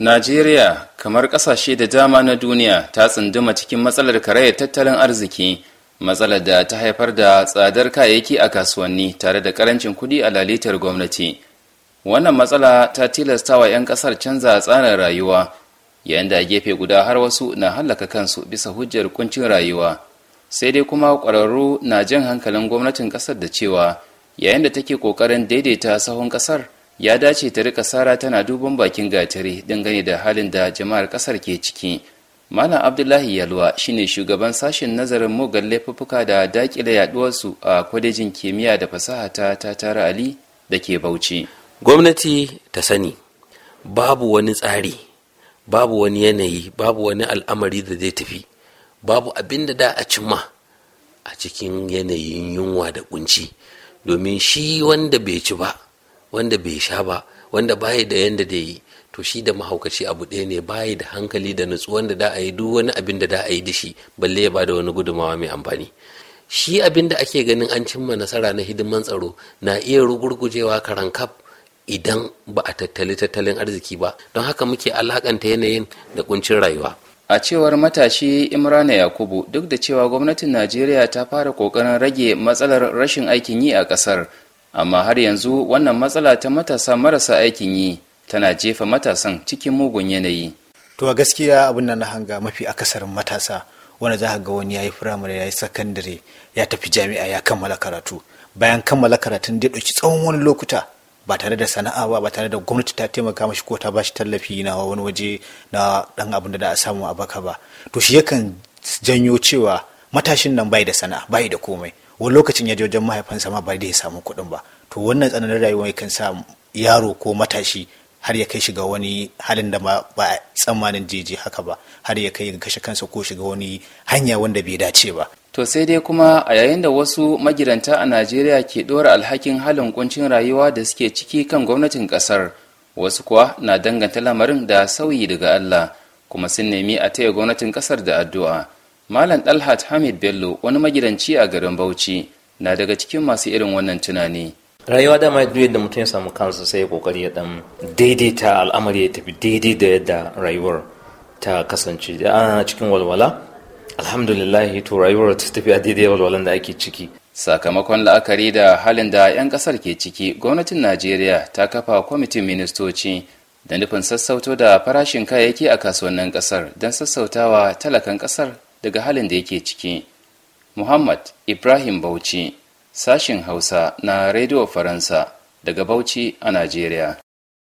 Najeriya kamar ƙasashe da dama na duniya ta tsunduma cikin matsalar karayar tattalin arziki matsalar da ta haifar da tsadar kayayyaki a kasuwanni tare da ƙarancin kuɗi a lalitar gwamnati wannan matsala ta tilasta wa 'yan ƙasar canza tsarin rayuwa yayin da a gefe guda har wasu na hallaka kansu bisa hujjar kuncin rayuwa sai dai kuma ƙwararru na jan hankalin gwamnatin ƙasar da cewa yayin da take ƙoƙarin daidaita sahun ƙasar ya dace ta rika sara tana duban bakin gatari dangane da halin da jama'ar kasar ke ciki malam abdullahi yalwa shine shugaban sashen nazarin mogan laifuffuka da dakile yaduwarsu a kwalejin kimiyya da fasaha ta tatara ali da ke bauchi gwamnati ta sani babu wani tsari babu wani yanayi babu wani al'amari da zai tafi babu abin da da a cimma a cikin yanayin yunwa da kunci domin shi wanda bai ci ba wanda bai sha ba wanda bayi da yanda da yi to shi da mahaukaci abu ɗaya ne bayi da hankali da nutsuwan da da a yi duk wani abin da da a yi da shi balle ya bada wani gudumawa mai amfani shi abin da ake ganin an cimma nasara na hidiman tsaro na iya rugurgujewa karan kaf idan ba a tattali tattalin arziki ba don haka muke alakanta yanayin da kuncin rayuwa a cewar matashi imrana yakubu duk da cewa gwamnatin najeriya ta fara kokarin rage matsalar rashin aikin yi a kasar amma har yanzu wannan matsala ta matasa marasa aikin yi tana jefa matasan cikin mugun yanayi to a gaskiya abin nan na hanga mafi akasarin matasa wanda za ga wani ya yi firamare ya yi sakandare ya tafi jami'a ya kammala karatu bayan kammala karatun da ɗauki tsawon wani lokuta ba tare da sana'a ba ba tare da gwamnati ta taimaka mashi ko ta bashi tallafi na wani waje na ɗan abin da a samu a baka ba to shi yakan janyo cewa matashin nan bai da sana'a bai da komai wani lokacin ya ji wajen mahaifansa ma bai da ya samu kuɗin ba to wannan tsananin rayuwa kan sa yaro ko matashi har ya kai shiga wani halin da ba a tsammanin jeje haka ba har ya kai kashe kansa ko shiga wani hanya wanda bai dace ba to sai dai kuma a yayin da wasu magidanta a najeriya ke ɗora alhakin halin kuncin rayuwa da suke ciki kan gwamnatin ƙasar wasu kuwa na danganta lamarin da sauyi daga allah kuma sun nemi a taya gwamnatin ƙasar da addu'a malam dalhat hamid bello wani magidanci a garin bauchi na daga cikin masu irin wannan tunani rayuwa dama duk yadda mutum ya samu kansa sai ya kokari ya dan daidaita al'amari ya tafi daidai da yadda rayuwar ta kasance da ana cikin walwala alhamdulillah to rayuwar ta tafi a daidai walwalan da ake ciki sakamakon la'akari da halin da 'yan kasar ke ciki gwamnatin najeriya ta kafa kwamitin ministoci da nufin sassauto da farashin kayayyaki a kasuwannin kasar don sassautawa talakan kasar daga halin da yake ciki muhammad ibrahim bauchi sashin hausa na rediyo faransa daga bauchi a najeriya